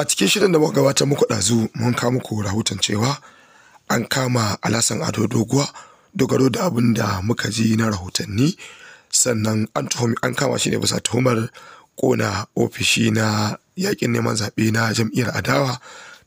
a cikin shirin da muka gabatar muku ɗazu mun kawo muku rahoton cewa an kama alasan ado doguwa dogaro da abin da muka ji na rahotanni sannan an tuhumi an kama shi ne bisa tuhumar kona ofishi na yaƙin neman zaɓe na jam'iyyar adawa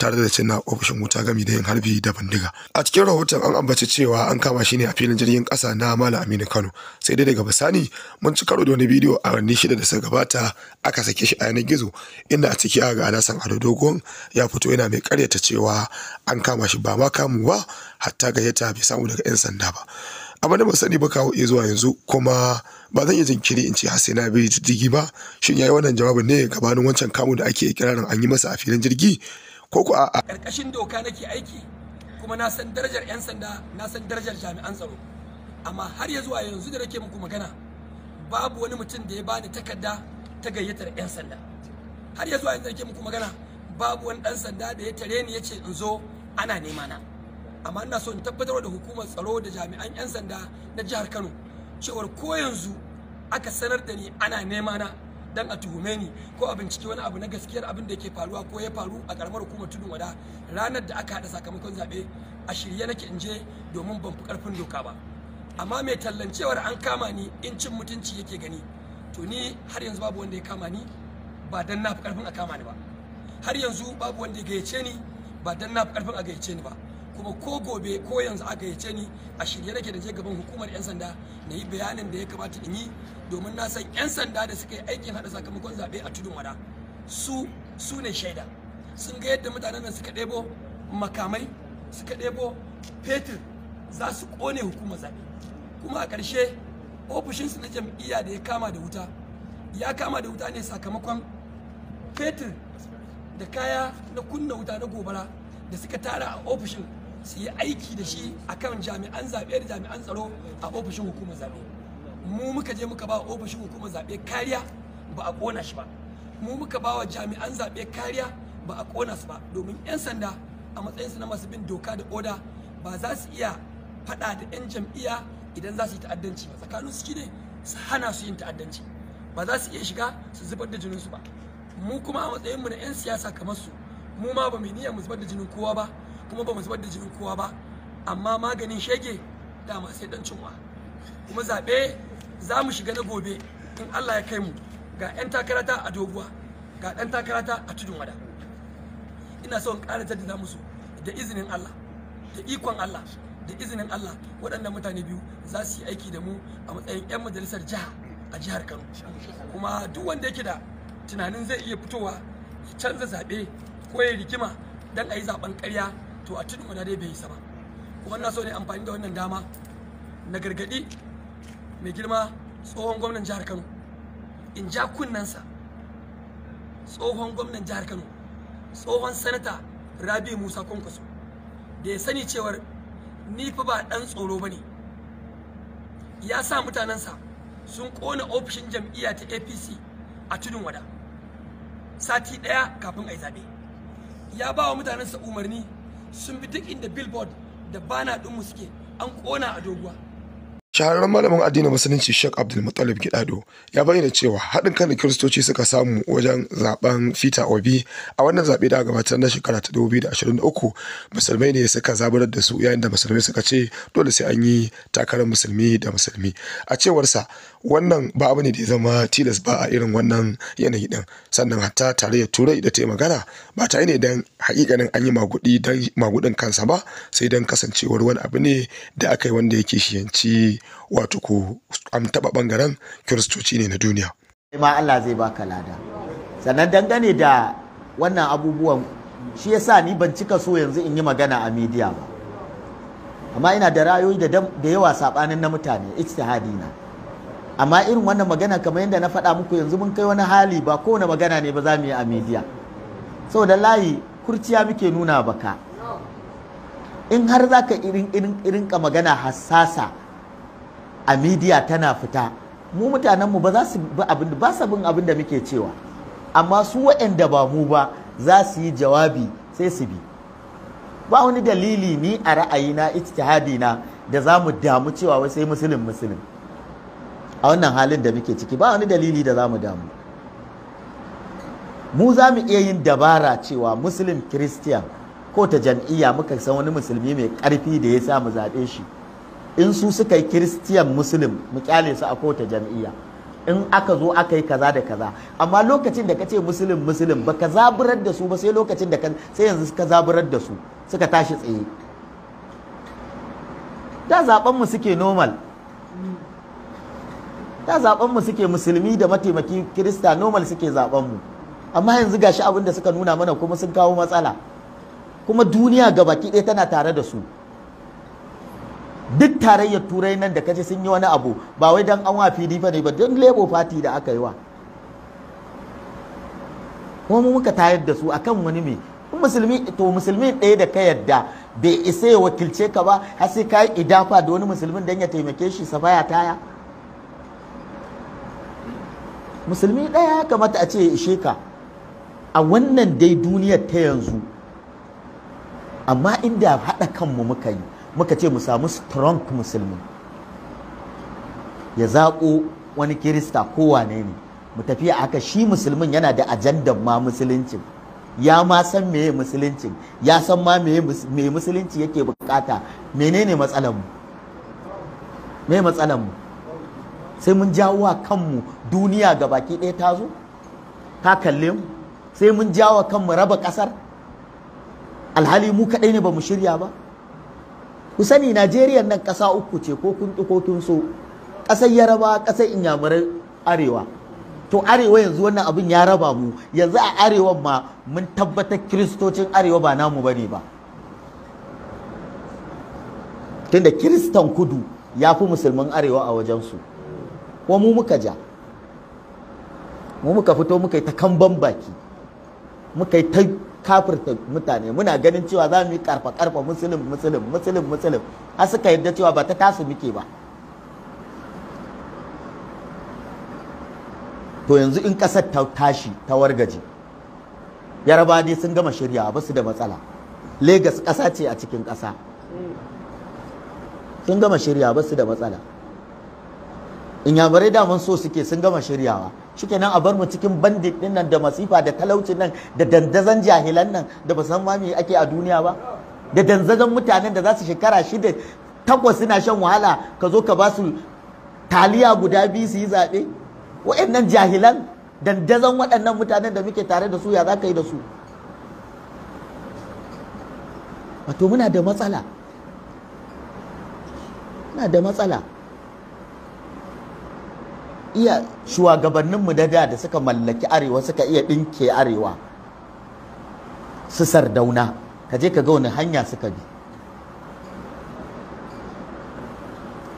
tare da cinna ofishin wuta gami da yin harbi da bindiga a cikin rahoton an ambaci cewa an kama shi ne a filin jirgin kasa na malam aminu kano sai dai daga bisani mun ci karo da wani bidiyo a ranar shida da suka gabata aka sake shi a yanar gizo inda a ciki aka ga alasan ado dogon ya fito yana mai karyata cewa an kama shi ba ma kamu ba hatta gayyata bai samu daga 'yan sanda ba A da ban sani ba kawo iya zuwa yanzu kuma ba zan iya jinkiri in ce har sai na bi jirgi ba shin yayi wannan jawabin ne gabanin wancan kamu da ake kirarin an yi masa a filin jirgi ko ku a'a karkashin doka nake aiki kuma na san darajar yan sanda na san darajar jami'an tsaro amma har ya zuwa yanzu da nake muku magana babu wani mutum da ya bani takarda ta gayyatar yan sanda har ya zuwa yanzu nake muku magana babu wani dan sanda da ya tare ni yace in zo ana nema na amma ina so in tabbatar da hukumar tsaro da jami'an yan sanda na jihar Kano cewar ko yanzu aka sanar da ni ana nema na dan a tuhume ni ko a bincike wani abu na gaskiyar abin da yake faruwa ko ya faru a karamar hukumar tudun wada ranar da aka haɗa sakamakon zaɓe a shirye nake in je domin ban fi ƙarfin doka ba amma mai tallancewar an kama ni in cin mutunci yake gani to ni har yanzu babu wanda ya kama ni ba dan na fi ƙarfin a kama ni ba har yanzu babu wanda ya gayyace ni ba dan na fi ƙarfin a gayyace ni ba kuma ko gobe ko yanzu aka yace ni a shirye nake da je gaban hukumar 'yan sanda na yi bayanin da ya kamata in yi domin na san 'yan sanda da suka yi aikin haɗa sakamakon zaɓe a tudun wada su su ne shaida sun ga yadda mutanen nan suka ɗebo makamai suka ɗebo fetur za su ƙone hukumar zaɓe kuma a ƙarshe ofishinsu na jam'iyya da ya kama da wuta ya kama da wuta ne sakamakon fetur da kaya na kunna wuta na gobara da suka tara a ofishin su yi aiki da shi a kan jami'an zaɓe da jami'an tsaro a ofishin hukumar zaɓe mu muka je muka ba ofishin hukumar zaɓe kariya ba a ƙona shi ba mu muka ba wa jami'an zaɓe kariya ba a ƙona su ba domin 'yan sanda a matsayinsu na masu bin doka da oda ba za su iya faɗa da 'yan jam'iyya idan za su yi ta'addanci ba tsakanin su ne su hana su yin ta'addanci ba za su iya shiga su zubar da jininsu ba mu kuma a matsayinmu na 'yan siyasa kamar su mu ma ba mu niyyar mu zubar da jinin kowa ba kuma ba mu zubar da jinin kowa ba amma maganin shege dama sai dan cinwa kuma zaɓe za mu shiga na gobe in Allah ya kai mu ga 'yan takarata a doguwa ga ɗan takarata a tudun wada ina so in ƙara jaddada musu da izinin Allah da ikon Allah da izinin Allah waɗannan mutane biyu za su yi aiki da mu a matsayin 'yan majalisar jiha a jihar Kano kuma duk wanda yake da tunanin zai iya fitowa ya canza zaɓe ko ya rikima don a yi zaɓen ƙarya to a cikin wani dai bai isa ba kuma na so ne amfani da wannan dama na gargadi mai girma tsohon gwamnan jihar kano in ja kunnen-sa tsohon gwamnan jihar kano tsohon sanata rabi musa kwankwaso da ya sani cewar ni fa ba dan tsoro ba ne ya sa mutanensa sun kona ofishin jam'iyya ta apc a tudun wada sati daya kafin a yi zaɓe ya ba wa mutanensa umarni sun bi duk inda billboard da bana ɗinmu suke an ƙona a doguwa Shahararren malamin addinin Musulunci Sheikh Muttalib Gidado ya bayyana cewa haɗin kan Kiristoci suka samu wajen zaben fita Obi a wannan zaɓe da gabatar na shekara ta 2023 musulmai ne suka zaburar da su yayin da musulmai suka ce dole sai an yi takarar musulmi da musulmi. A cewarsa wannan ba abu ne da ya zama tilas ba a irin wannan yanayi din sannan hatta tare ya turai da ta yi magana ba ta yi ne dan hakikanin an yi magudi dan magudin kansa ba sai dan kasancewar wani abu ne da aka yi wanda yake shiyanci wato ko an taɓa ɓangaren kiristoci ne na duniya. ma Allah zai baka lada sannan dangane da wannan abubuwan shi yasa ni ban cika so yanzu in yi magana a midiya ba amma ina da rayoyi da yawa saɓanin na mutane ijtihadi na amma irin wannan magana kamar yadda na faɗa muku yanzu mun kai wani hali ba kowane magana ne ba za mu yi a midiya saboda layi kurciya muke nuna baka in har za ka irin irin ka magana hassasa a midiya tana fita mu mutanenmu ba za su ba sa bin abin da muke cewa amma su waɗanda ba mu ba za su yi jawabi sai su bi ba wani dalili ni a ra'ayina ijtihadi na da za mu damu cewa wai sai musulun musulun a wannan halin da muke ciki ba wani dalili da za mu damu mu za mu iya yin dabara cewa musulun kiristiyan ko ta jam'iyya muka san wani musulmi mai ƙarfi da ya sa mu zaɓe shi in su suka yi kiristiyan musulun mu kyale su a kowace jam'iyya in aka zo aka yi kaza da kaza amma lokacin da ka ce musulun musulun ba ka zaburar da su ba sai lokacin da sai yanzu ka zaburar da su suka tashi tsaye da zaben mu suke normal da zaben mu suke musulmi da mataimaki kirista normal suke zaben mu amma yanzu gashi abin da suka nuna mana kuma sun kawo matsala kuma duniya gabaki ɗaya tana tare da su duk tarayyar turai nan da kace sun yi wani abu ba wai dan an wa pdp ne ba don lebo party da aka yi wa kuma muka tayar da su akan wani me musulmi to musulmi ɗaya da ka yadda bai isa ya wakilce ka ba har sai ka yi idafa da wani musulmin don ya taimake shi safaya taya musulmi ɗaya ya kamata a ce ya ishe ka a wannan dai duniyar ta yanzu amma inda haɗa kanmu muka yi muka ce mu samu strong musulmi ya zaƙo wani kirista kowane ne mu tafi aka shi musulmin yana da ajandan ma musuluncin ya ma san meye musuluncin ya san ma meye musulunci yake bukata menene matsalar mu me matsalar sai mun jawo wa kanmu duniya ga baki ɗaya ta zo ta kalle mu sai mun jawo kanmu raba ƙasar alhali mu kaɗai ne ba mu shirya ba ku sani Najeriya nan ƙasa uku ce ko kun ko kun so ƙasar Yaraba ƙasar Inyamurai Arewa to Arewa yanzu wannan abin ya raba mu yanzu a Arewa ma mun tabbatar kiristocin Arewa ba namu bane ba tunda kiristan kudu ya fi musulman Arewa a wajensu ko mu muka ja mu muka fito muka yi ta kan baki muka yi ta kafirta mutane muna ganin cewa za mu yi karfa karfa musulun musulun musulun musulun har suka yadda cewa ba ta tasu muke ba to yanzu in kasar ta tashi ta wargaje yaraba dai sun gama shirya ba su da matsala Legas ƙasa ce a cikin ƙasa sun gama shirya ba su da matsala inyamurai daman so suke sun gama shiryawa nan a bar mu cikin bandit din nan da masifa da talaucin nan da dandazan jahilan nan da ba san mami ake a duniya ba da dandazan mutanen da za su shekara shida takwas suna shan wahala ka zo ka ba su taliya guda biyu su yi zaɓe waɗannan jahilan dandazan waɗannan mutanen da muke tare da su ya za ka yi da su wato muna da matsala muna da matsala iya shugabanninmu da da suka mallaki arewa suka iya ɗinke arewa su sardauna ka je ka ga wani hanya suka bi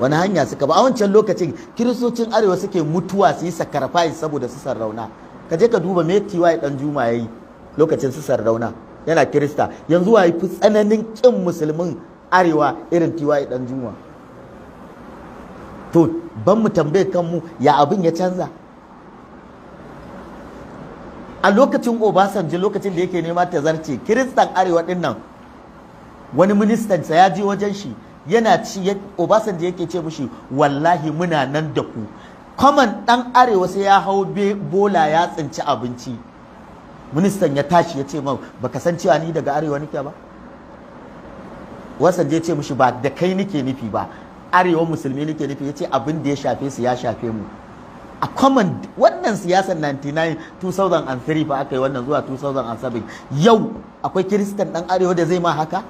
wani hanya suka ba a wancan lokacin kiristocin arewa suke mutuwa su yi sakarfayi saboda su sarrauna ka je ka duba me tiwaye dan juma yayi lokacin su sarrauna yana kirista yanzu wayi fi tsananin kin musulmin arewa irin tiwaye dan juma to ban mu tambaye kanmu ya abin ya canza a lokacin obasanjo lokacin da yake nema ta zarce kiristan arewa din nan wani ministansa ya je wajen shi yana ci obasanjo yake ce mushi wallahi muna nan da ku kwaman dan arewa sai ya hau bola ya tsinci abinci ministan ya tashi ya ce ma baka san cewa ni daga arewa nike ba wasan je ce mushi ba da kai nike nufi ba arewa musulmi nake nufi ya ce abin da ya shafe su ya shafe mu a common wannan siyasar 99 2003 fa aka yi wannan zuwa 2007 yau akwai kiristan dan arewa da zai ma haka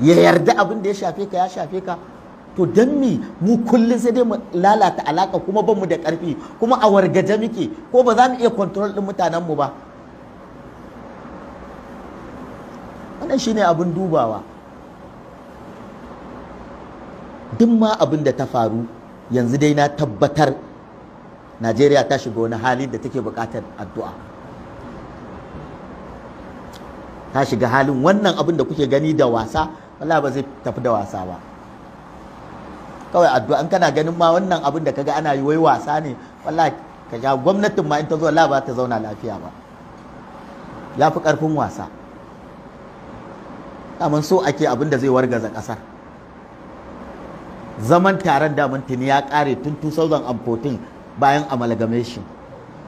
ya yarda abin da ya shafe ka ya shafe ka to don mi mu kullum sai dai mu lalata alaka kuma ba mu da karfi kuma a wargaje muke ko ba za mu iya control din mutanen mu ba wannan shine abin dubawa duk ma abin da ta faru yanzu dai na tabbatar najeriya ta shiga wani hali da take buƙatar addu'a ta shiga halin wannan abin da kuke gani da wasa wala ba zai tafi da wasa ba kawai addu'a in kana ganin ma wannan abin da kaga ana yi wai wasa ne wala ka ja gwamnatin ma in ta zo la ba ta zauna lafiya ba ya fi ƙarfin wasa amma so ake abin da zai wargaza ƙasar zaman taron damin ya kare tun 2014 bayan amalgamation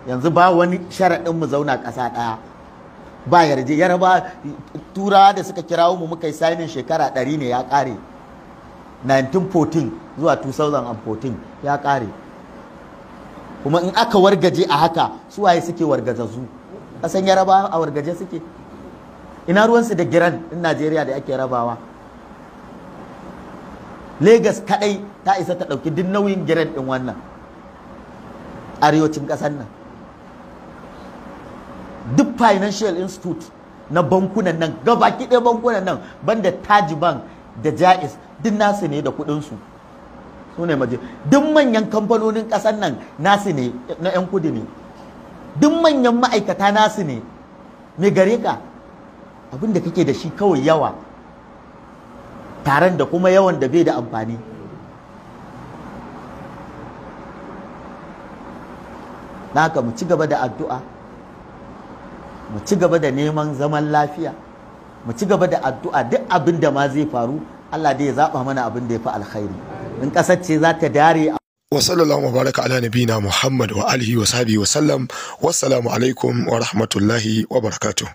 yanzu ba wani sharaɗin mu zauna ƙasa ɗaya ba yarje yaraba turawa da suka kirawo mu muka yi sainin shekara 100 ne ya kare. 1914 zuwa 2014 ya kare. kuma in aka wargaje a haka su waye suke wargazazu kasan yaraba a wargaje suke ina ruwansu da giran in najeriya da ake rabawa Legas kadai ta isa ta ɗauki duk nauyin giren din wannan arewacin kasar nan duk financial institute na bankunan nan gabaki ɗaya bankunan nan banda taji bank da jais duk nasu ne da kuɗinsu su ne maje duk manyan kamfanonin kasar nan nasu ne na 'yan kudi ne duk manyan ma'aikata nasu ne mai gare ka abin da kake da shi kawai yawa taron da kuma yawan da bai da amfani haka mu ci gaba da addu'a mu ci gaba da neman zaman lafiya mu ci gaba da addu'a duk abin da ma zai faru Allah dai ya zaba mana abin da ya fi alkhairi in kasar ce za ta dare wa sallallahu wa baraka ala nabina muhammad wa alihi wa sahbihi wa sallam wassalamu alaikum wa rahmatullahi wa barakatuh